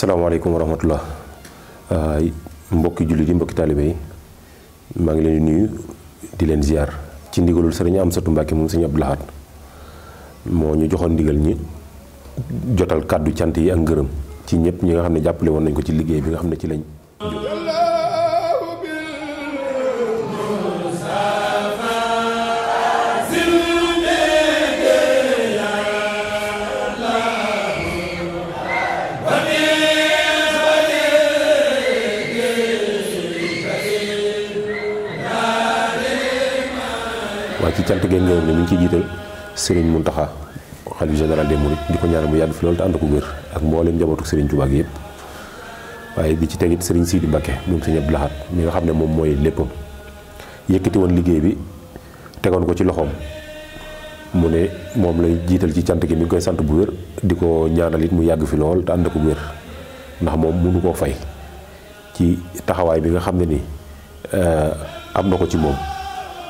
asalaamaaleykum wa rahmatullah euh, mbokki jullit yi mbokki taalibe yi maa ngi leen di nuyu di leen ziar ci ndigalul am Amsatu Mbàkke moom sëriñ Abdou Lahad moo ñu joxoon ndigal ñi jotal kàddu cant yi ak ngërëm ci ñëpp ñi nga xam ne jàppale woon nañ ko ci liggéey bi nga xam ne ci lañ cant gi ngërëm ne mi ngi ciy jiital Serigne Mountakha xalif général des Mourides di ko ñaan mu yàgg fi loolu te ànd ko wér ak mboolem njabootu Serigne Touba gi yëpp waaye di ci tegit Serigne Sidi Mbacké moom Serigne Abdou mi nga xam ne moom mooy léppam yëkkati woon liggéey bi tegoon ko ci loxoom mu ne moom lay jiital ci cant gi mi ngi koy sant bu wér di ko ñaanal mu yàgg fi lool te ànd ko wér ndax moom mënu koo fay ci taxawaay bi nga xam ne ni euh, am na ko ci moom.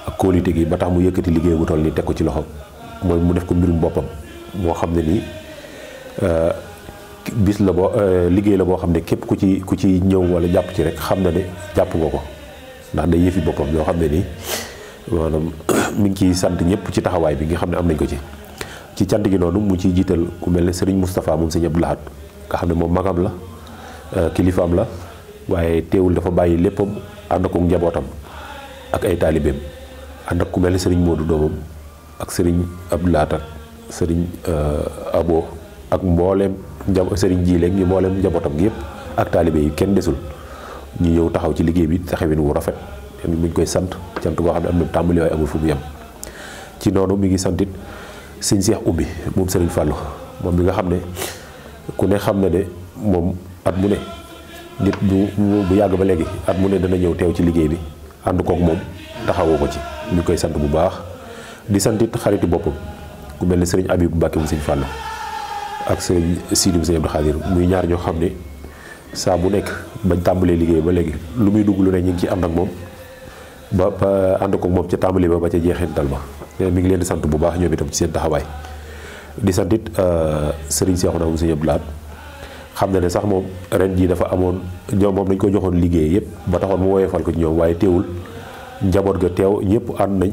ak kóolite gi ba tax mu yëkkati liggéey bu toll nii teg ko ci loxo mooy mu def ko mbirum boppam moo xam ne nii euh, bis la boo euh, liggéey la boo xam ne képp ku ci ku ci ñëw wala jàpp ci rek xam na ne jàpp ko ndax day yëfi boppam yoo xam ne nii maanaam ngi ciy sant ñëpp ci taxawaay bi nga xam ne am nañ ko ci. ci cant gi noonu mu ci jiital ku mel ne Serigne Moustapha moom sëñ Abdou Lahad nga xam ne moom magam la euh, kilifaam la waaye teewul dafa bàyyi léppam ànd ko njabootam ak ay taalibeem. ànd ak ku mel sëriñ Modou doomam ak sëriñ ab laata sëriñ euh, Abo ak mbooleem njab sëriñ Jiileeg ñu mbooleem njabootam gi yëpp ak taalibe yi kenn desul ñu ñëw taxaw ci liggéey bi taxawin wu rafet muñ koy sant cant koo xam ne am na tàmbali waaye amul fu mu yem ci noonu mi ngi santit sëñ Seex ubbi moom sëriñ Fàllu moom bi nga xam ne ku ne xam na ne moom at mu ne nit bu bu yàgg ba léegi at mu ne dana ñëw teew ci liggéey bi ànd kook moom taxawoo ko ci ñu koy sant bu baax di sant it xaritu boppam ku mel ne sëriñ bu Mbàkke mu si Fàllu ak sëriñ Sidi mu sëñ Abdou muy ñaar ñoo xam ne saa bu nekk bañ tàmbalee liggéey ba léegi lu muy dugg lu ne ñu ngi ci ànd ak moom ba ba ànd ko moom ca tàmbali ba ba ca jeexintal ba eh, mi ngi leen di sant bu baax ñoom itam ci seen taxawaay di sant it sëriñ euh, Seexuna mu sëñ Abdou Lahat xam na ne sax moom ren jii dafa amoon ñoom moom dañ ko joxoon liggéey yëpp ba taxoon mu woyefal ko ci waaye teewul njaboot ga teew ñëpp ànd nañ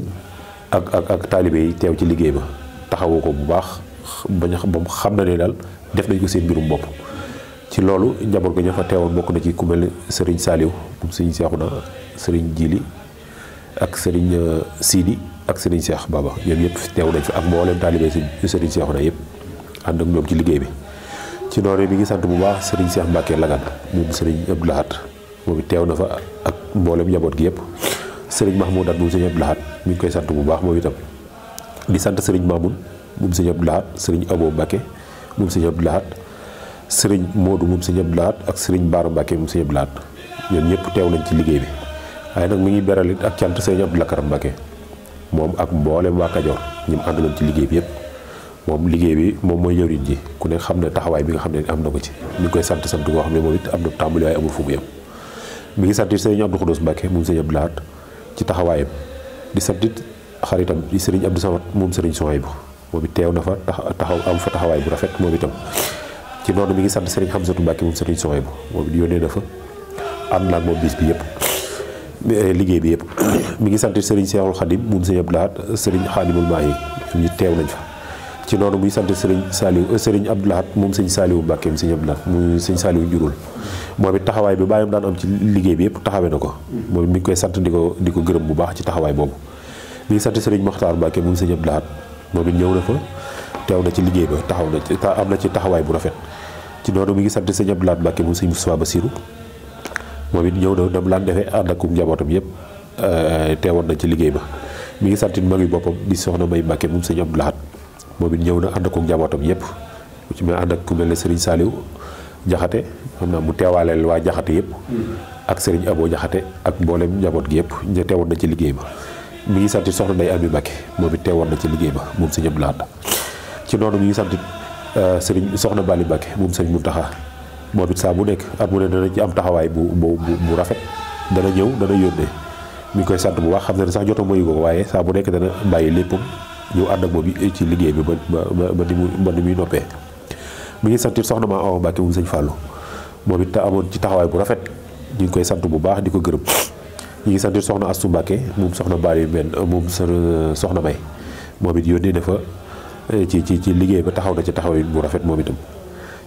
ak ak ak taalibe yi teew ci liggéey ba taxawu ko bu baax bañ moom xam na ne daal def nañ ko seen mbirum bopp ci loolu njaboot ga ña fa teewoon bokk na ci ku mel Saaliw moom sëriñ Seexuna sëriñ Jili ak sëriñ euh, Sidi ak sëriñ Seex Baba ñoom yëpp teew nañ fi ak mboolem taalibe sëriñ Seexuna yëpp ànd ak ñoom ci liggéey bi ci noonu mi ngi sant bu baax sëriñ Seex Mbàkke Lagan moom sëriñ Abdou Lahat teew na fa njaboot gi yëpp sëriñ Mahmoud at moom sëriñ Abdou Lahad mi ngi koy sant bu baax moom itam di sant sëriñ Mamoun moom sëriñ Abdou sëriñ Abo Mbacke moom sëriñ Abdou sëriñ Modou moom sëriñ Abdou Lahad sëriñ Baara Mbacke moom sëriñ Abdou Lahad ñëpp teew nañ ci liggéey bi waaye nag mi ngi beral it ak cant sëriñ Abdou Lakaram Mbacke moom ak mboolem waa Kajoor ñi mu àndaloon ci liggéey bi yëpp moom liggéey bi moom mooy jëwriñ ji ku ne xam ne taxawaay bi nga xam ne am na ko ci mi ngi koy sant sant koo xam ne moom it am na tàmbali amul fu mu yem mi ngi sant sëriñ Abdou Khoudous Mbacke moom sëriñ Abdou Lahad ci taxawaayam di sant xaritam di sëriñ Abdou Samad moom sëriñ Suwaybu moom it teew na fa taxaw am fa taxawaay bu rafet moom itam ci noonu mi ngi sant sëriñ Xamsatu Mbàkke moom sëriñ Suwaybu moom it yónnee na fa ànd naag moom bis bi yëpp eh, liggéey bi yëpp mu ngi sant sëriñ Seexul Xadim moom sëriñ Abdou Lahad sëriñ Xaadimul Maahi ñu teew nañ fa ci noonu muy sant sëriñ Saliou euh, sëriñ Abdou Lahad moom sëñ Saliou Mbackeem sëñ Abdou Lahad muy sëñ Saliou jurul moom it taxawaay bi bàyyam daan am ci liggéey bi yëpp taxawee na ko moom mi ngi koy sant di ko di ko gërëm bu baax ci taxawaay boobu mi ngi sant sëriñ Moxtaar Mbackeem moom sëñ Abdou Lahad moom it ñëw na fa teew na ci liggéey taxaw na ci am na ci taxawaay bu rafet ci noonu mi ngi sant sëñ Abdou Lahad Mbackeem moom sëñ Moustapha Bassirou moom it ñëw na dam laan defee ànd ak njabootam yëpp euh, teewoon na ci liggéey ba mi ngi santit mag yi boppam di soxna May Mbacke moom sëñ Abdou Lahad moom it ñëw na ànd ko yëpp ku ci mel ànd ak ku mel ne Jaxate xam naa mu teewaaleel waa Jaxate yëpp. Hmm. ak Serigne Abo Jaxate ak mboolem njaboot gi yëpp ñu teewoon na ci liggéey ba. mi ngi sant soxna Ndeye Amy Mbacké moom it teewoon na ci liggéey ba moom sëñ Abdou Lahad ci noonu mi ngi sant euh, Serigne soxna Bali Mbacké moom sëñ Mountakha moom it saa bu nekk at mu ne dana ci am taxawaay bu bu bu rafet dana ñëw dana yónnee mi ngi koy sant bu baax xam ne sax jotoo ma yëgoo waaye saa bu nekk dana bàyyi léppam ñu ànd ak moom ci liggéey bi ba ba ba ni mu ba ni muy noppee mu ngi sant soxna ma Awa Mbacke moom sëñ Fallou moom it amoon ci taxawaay bu rafet ñu ngi koy sant bu baax di ko gërëm ñu ngi sant soxna Astou Mbacke moom soxna Bally Mbène moom soxna May moom it yónnee na fa eh, ci ci ci liggéey ba taxaw na ci taxawaay bu rafet moom itam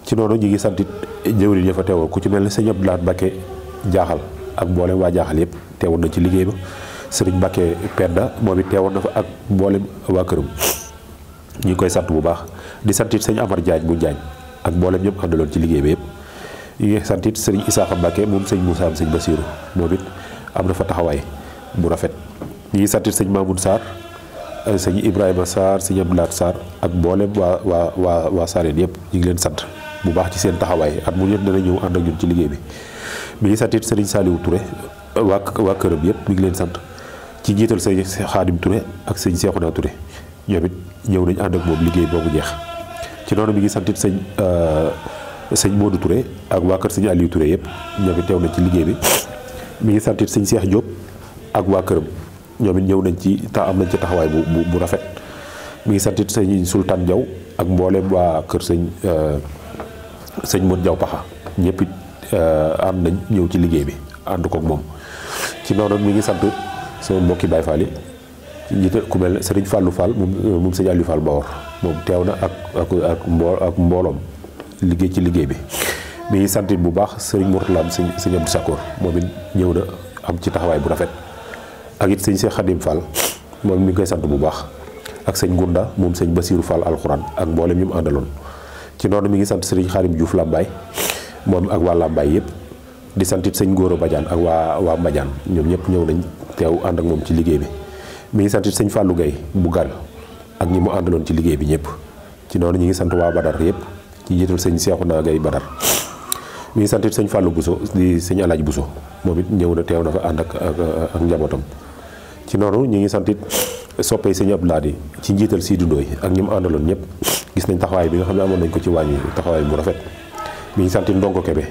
ci noonu ñu ngi sant it jëwriñ fa teewal ku ci mel ne sëñ Abdoulaye Mbacke jaaxal ak mboolem waa jaaxal yëpp teewul na ci liggéey ba. sëriñ Mbacke Penda moom it teewoon na fa ak mboolem waa këram ñu ngi koy sant bu baax di sant sëñ Amar Diagne bu Diagne ak mboolem ñëpp àndaloon ci liggéey bi yëpp ñu ngi sant it sëriñ Isaaxa Mbacke moom sëñ Moussa am sëñ Basiru moom it am na fa taxawaay bu rafet ñu ngi sant sëñ Mamoun Sarr euh, sëñ Ibrahima saar sëñ Abdoulaye saar ak mboolem waa waa waa waa Sareen yëpp ñu ngi leen sant bu baax ci seen taxawaay at mu ñëpp dana ñëw ànd ak ñun ci liggéey bi mi ngi sant it sëriñ Saliou Touré waa waa këram yëpp ñu ngi leen sant. ci jiital sëñ Xaadim Touré ak sëñ Seexuna Touré ñoom it ñëw nañ ànd ak moom liggéey boobu jeex ci noonu mi ngi sant it sëñ euh, sëñ Modou Touré ak waa kër sëñ Aliou Touré yëpp ñoom it teew nañ ci liggéey bi mi ngi sant it sëñ Seex Diop ak waa këram ñoom it ñëw nañ ci ta am nañ ci taxawaay bu bu rafet mi ngi sant it sëñ Sultan Diaw ak mboolem waa kër sëñ euh, sëñ Modou Diaw Paxa ñëpp it am euh, nañ ñëw ci liggéey bi ànd koog moom ci noonu mi ngi sant. sama mbokki Baye Fall yi jiital ku mel ne Serigne Fall moom euh, moom Serigne Aliou Fall moom teew na ak ak ak ak mbooloom liggéey ci liggéey bi. mu ngi sant bu baax sëriñ Mourtala am Serigne Serigne Abdou moom it ñëw na am ci taxawaay bu rafet ak it Serigne Cheikh Khadim Fall moom mi ngi koy sant bu baax ak sëñ Gounda moom sëñ Bassirou Fall alxuraan ak mboolem ñu mu àndaloon. ci noonu mi ngi sant Serigne Khadim Diouf Lambaye moom ak waa Lambaye yëpp di sant it Serigne Goro Badiane ak waa waa Badiane ñoom ñëpp ñëw nañ. teew ànd ak moom ci liggéey bi mi ngi sant sëñ Fallou Gueye bu gan ak ñi mu àndaloon ci liggéey bi ñëpp ci noonu ñi ngi sant waa Badar yëpp ci jiital sëñ Cheikhouna Gueye Badar mi ngi sant sëñ Fallou Bousso di sëñ Alaaj Bousso moom it ñëw na teew na fa ànd ak ak njabootam ci noonu ñi ngi sant it soppee sëñ Abdoulaye ci njiital Sidou Ndoye ak ñi mu àndaloon ñëpp gis nañ taxawaay bi nga xam ne amoon nañ ko ci wàññi taxawaay bu rafet mi ngi sant Ndongo Kebe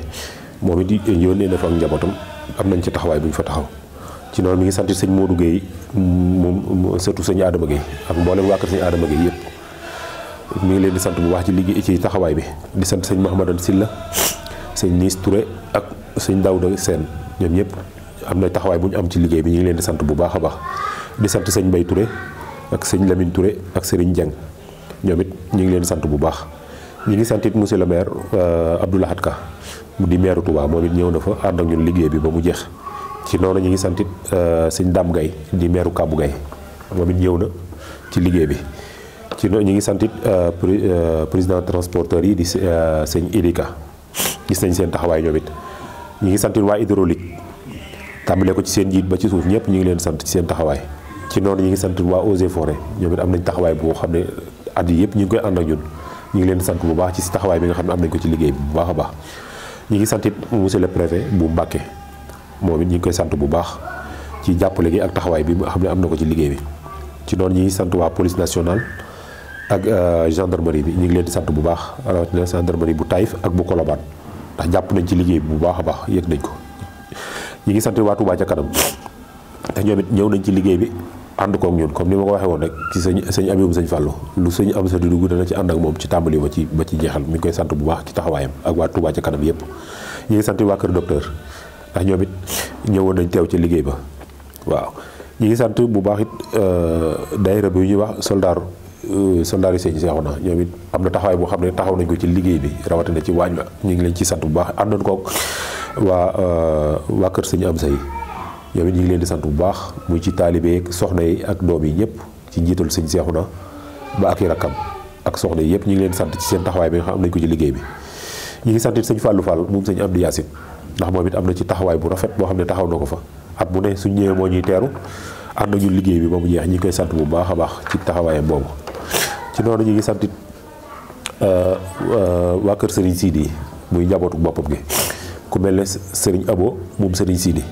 moom it yónnee na fa ak njabootam am nañ ci taxawaay bu ñu fa taxaw ci noonu mi ngi sant sëñ Modou Guèye moom surtout sëñ Adama Guèye ak mboolem waa kër sëñ Adama Guèye yëpp mu ngi leen di sant bu baax ci liggéey ci taxawaay bi di sant sëñ Mahamadan Silla sëñ Niis Touré ak sëñ Daouda Sène ñoom ñëpp am na taxawaay bu ñu am ci liggéey bi ñu ngi leen di sant bu baax a baax di sant sëñ Mbay Touré ak sëñ Lamine Touré ak sëriñ Dieng ñoom it ñu ngi leen sant bu baax ñu ngi sant it monsieur le maire euh, Abdou Lahad Ka mu di meeru Touba moom it ñëw na fa ànd ñun liggéey bi ba mu jeex ci noonu ñu ngi santit euh, sëñ Dame Gaye di meeru Kaabu Gaye ñëw na ci liggéey bi ci noonu ñu ngi santit euh, euh, président transporteur yi di sëñ Ilika gis nañ seen taxawaay ñoom it ñu ngi santit waa hydraulique tàmbale ko seen jiit ba ci ñëpp ñu ngi leen sant ci seen taxawaay ci noonu ñu ngi sant waa Eaux et Forêts ñoom it am nañ taxawaay boo xam ne at yi yëpp ñu ngi koy ànd ak ñun ñu ngi leen sant bu baax ci taxawaay bi nga xam ne am nañ ko ci liggéey bi bu baax a baax ñu ngi santit monsieur le préfet bu Mbàkke moom it ñu ngi koy sant bu baax ci jàppale gi ak taxawaay bi nga xam ne am na ko ci liggéey bi ci noonu ñi ngi sant waa police nationale ak euh, gendarmerie bi ñu ngi leen di sant bu baax rawatina gendarmerie bu Taïf ak bu Colobane ndax jàpp nañ ci liggéey bu baax a baax yëg nañ ko ñi ngi sant waa Touba te ñoom it ñëw nañ ci liggéey bi ànd koog ñun comme ni ma ko waxee woon rek ci sëñ sëñ Abibou sëñ lu sëñ am sa di dugg dana ci ànd ak moom ci tàmbali ba ci ba ci jeexal mi ngi koy sant bu baax ci taxawaayam ak waa Touba ca kanam yëpp ñi ngi sant waa Kër Docteur ndax ñoom it ñëwoon nañ teew ci liggéey ba waaw ñu ngi sant bu baax it euh, daayira bi ñuy wax soldaaru euh, soldaaru sëñ Seexuna ñoom it am na taxawaay boo xam ne taxaw nañ ko ci liggéey bi rawatina ci waañ ma ñu ngi leen ci sant bu baax àndoon ko waa euh, waa kër sëñ Amsa yi ñoom it ñu ngi leen di sant bu baax muy ci taalibe yeeg soxna yi ak doom yi ñëpp ci njiital sëñ Seexuna ba ak i rakkam ak soxna yi yëpp ñu ngi leen sant ci seen taxawaay bi nga xam nañ ko ci liggéey bi ñu ngi sant it sëñ Fallou Fall moom sëñ Abdou Yacine ndax moom it am na ci taxawaay bu rafet boo xam ne taxaw na ko fa at mu ne suñ ñëwee moo ñuy teeru ànd nañu liggéey bi ba mu ñeex ñi ngi koy sant bu baax a baax ci taxawaayam boobu ci noonu ñu ngi sant it euh, euh, waa kër Serigne Sidi muy njabootu boppam gi ku mel ne Serigne Abo moom Serigne Sidi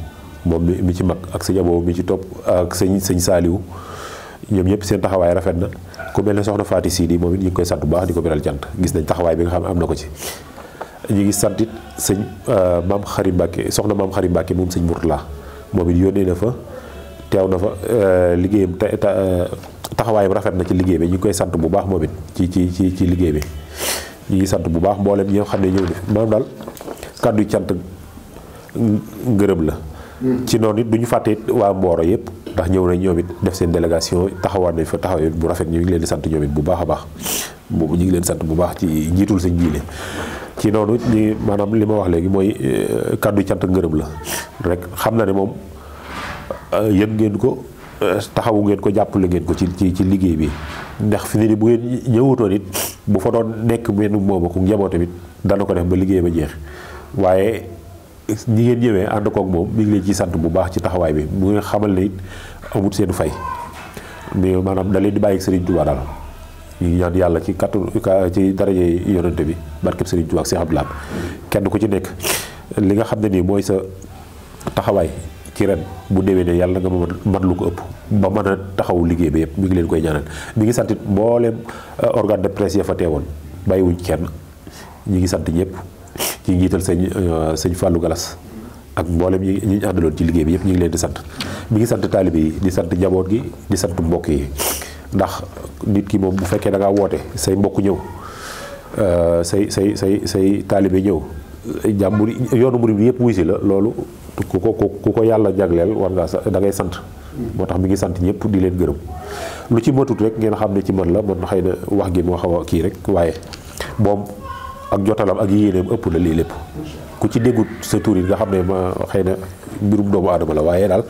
mi ci mag ak sëñ Abo mi ci topp ak sëñ sëñ Saaliwu ñoom ñëpp seen taxawaay rafet na ku mel ne soxna Faati Sidi moom it koy sant bu baax di ko beral jant gis nañ taxawaay bi nga xam ne am na ko ci. ñu ngi santit sëñ euh, maam xari Mbàkke soxna maam xari Mbàkke moom sëñ Murtala moom it yónnee na fa teew na fa euh, liggéeyam euh, taxawaayam rafet na ci liggéey bi ñu ngi koy sant bu baax moom it ci ci ci ci liggéey bi ñu ngi sant bu baax mboolem ñoo xam ne ñëw na maanaam kàddu cant ngërëm la hmm. ci noonu it du fàtte it waa yëpp ndax ñëw nañ ñoom it def seen délégation taxawaat nañ fa taxaw bu rafet ñu ngi leen di sant ñoom bu baax a baax ñu ngi leen sant bu baax ci njiitul sëñ jiile ci noonu ñi maanaam li ma wax léegi mooy euh, kàddu cant ak ngërëm la rek xam na ne moom euh, yëg ngeen ko euh, taxawu ngeen ko jàppale ngeen ko ci ci ci liggéey bi ndax fi ni bu ngeen ñëwutoon it bu fa doon nekk benn moom ak njaboot tamit dana ko def ba liggéey ba jeex waaye ñi ngeen ñëwee ànd koog moom mi ngi leen ci sant bu baax ci taxawaay bi mu ngi xamal ne it amut seen fay mais maanaam da leen di bàyyi Serigne Touba daal. ñu ngi ñaan yàlla ci kattu ci daraje yonante bi barkeb Sëriñ Tuubaa ak Seex Abdu Lahat kenn ko ci nekk li nga xam ne nii mooy sa taxawaay ci ren bu ne yàlla nga man lu ko ëpp ba mën a taxaw liggéey bi yëpp mu ngi leen koy ñaanal mi ngi sant it mbooleem euh, organe de presse ya fa teewoon bàyyiwuñ kenn ngi sant ñëpp ci njiital sëñ euh, sëñ Fallou Galas ak mboolem ñi ñu àndaloon ci liggéey yëpp ñu ngi leen di sant mi ngi sant taalibe yi di sant njaboot gi di sant mbokk yi ndax nit ki moom bu fekkee da woote say mbokk ñëw euh, say say say say taalibe ñëw jàmbur yoonu murid bi yëpp wuy si la loolu ku ko ku ko yàlla jagleel war ngaa sa da ngay sant moo tax mi ngi sant ñëpp di leen gërëm lu ci matut rek ngeen xam ne ci man la man xëy na wax gi moo xaw kii rek waaye moom ak jotalam ak yéeneem ëpp la lii lépp ku ci déggut sa tur nga xam ne ma xëy na mbirum doomu aadama la waaye daal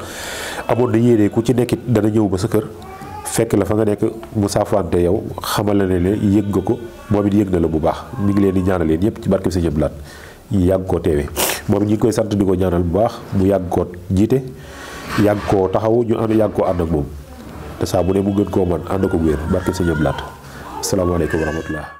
amoon na yéene ku ci nekkit dana ñëw ba sa kër fekk la fa nga nekk mu saafante yow xamal la ne yëg nga ko moom it yëg na la bu baax mi ngi leen di ñaanal yéen ñëpp ci barkeb Sëñ laat Lahat yàgg koo teewee moom ñi ngi koy sant di ko ñaanal bu baax mu yàgg koo jiite yàgg koo taxaw ñu ànd yàgg koo ànd ak moom te saa bu ne mu gën koo man ànd ko bu wér barkeb Sëñ Abdu laat asalaamaaleykum wa rahmatullah